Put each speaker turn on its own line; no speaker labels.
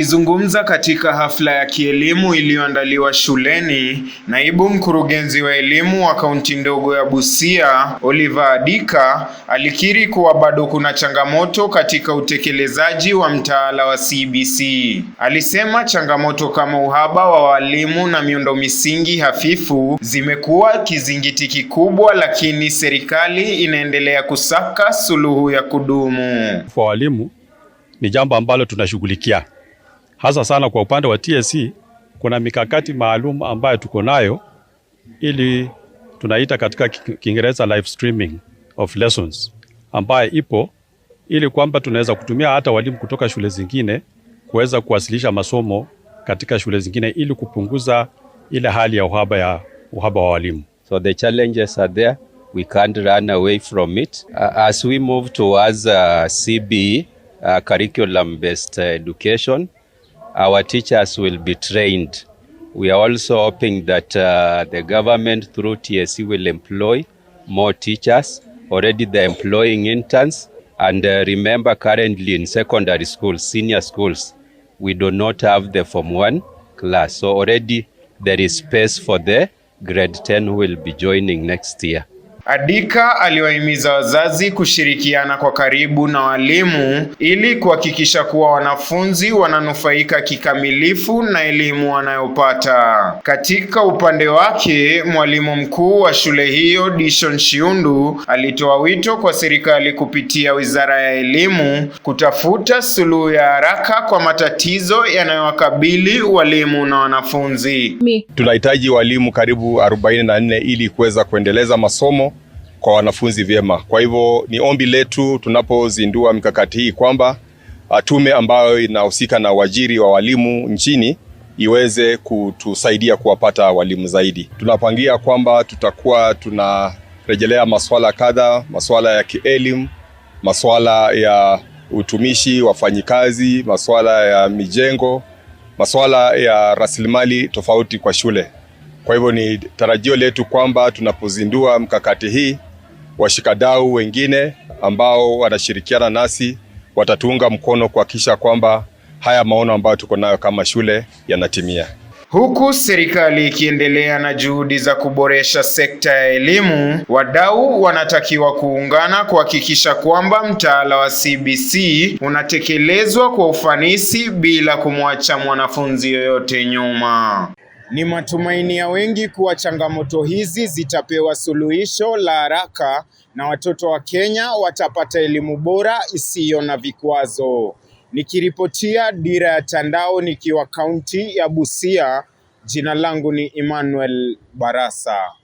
Akizungumza katika hafla ya kielimu iliyoandaliwa shuleni, naibu mkurugenzi wa elimu wa kaunti ndogo ya Busia, Oliver Adika, alikiri kuwa bado kuna changamoto katika utekelezaji wa mtaala wa CBC. Alisema changamoto kama uhaba wa walimu na miundo misingi hafifu zimekuwa kizingiti kikubwa, lakini serikali inaendelea kusaka suluhu ya kudumu.
Kwa walimu ni jambo ambalo tunashughulikia hasa sana kwa upande wa TSC kuna mikakati maalum ambayo tuko nayo ili tunaita katika Kiingereza live streaming of lessons ambayo ipo ili kwamba tunaweza kutumia hata walimu kutoka shule zingine kuweza kuwasilisha masomo katika shule zingine ili kupunguza ile hali ya uhaba ya uhaba wa walimu.
So the challenges are there. We can't run away from it. Uh, as we move towards uh, CBE, uh, curriculum based uh, education, our teachers will be trained. We are also hoping that uh, the government through TSC will employ more teachers. Already they're employing interns. And uh, remember, currently in secondary schools, senior schools, we do not have the Form 1 class. So already there is space for the grade 10 who will be joining next year.
Adika aliwahimiza wazazi kushirikiana kwa karibu na walimu ili kuhakikisha kuwa wanafunzi wananufaika kikamilifu na elimu wanayopata. Katika upande wake, mwalimu mkuu wa shule hiyo Dishon Shiundu alitoa wito kwa serikali kupitia Wizara ya Elimu kutafuta suluhu ya haraka kwa matatizo yanayowakabili walimu na wanafunzi.
Tunahitaji walimu karibu 44 ili kuweza kuendeleza masomo kwa wanafunzi vyema. Kwa hivyo ni ombi letu tunapozindua mikakati hii kwamba ah, tume ambayo inahusika na uajiri wa walimu nchini iweze kutusaidia kuwapata walimu zaidi. Tunapangia kwamba tutakuwa tunarejelea masuala kadha, masuala ya kielimu, masuala ya utumishi, wafanyikazi, masuala ya mijengo, masuala ya rasilimali tofauti kwa shule. Kwa hivyo ni tarajio letu kwamba tunapozindua mkakati hii washikadau wengine ambao wanashirikiana nasi watatuunga mkono kuhakikisha kwamba haya maono ambayo tuko nayo kama shule yanatimia.
Huku serikali ikiendelea na juhudi za kuboresha sekta ya elimu, wadau wanatakiwa kuungana kuhakikisha kwamba mtaala wa CBC unatekelezwa kwa ufanisi bila kumwacha mwanafunzi yoyote nyuma. Ni matumaini ya wengi kuwa changamoto hizi zitapewa suluhisho la haraka na watoto wa Kenya watapata elimu bora isiyo na vikwazo. Nikiripotia Dira ya Tandao nikiwa kaunti ya Busia, jina langu ni Emmanuel Barasa.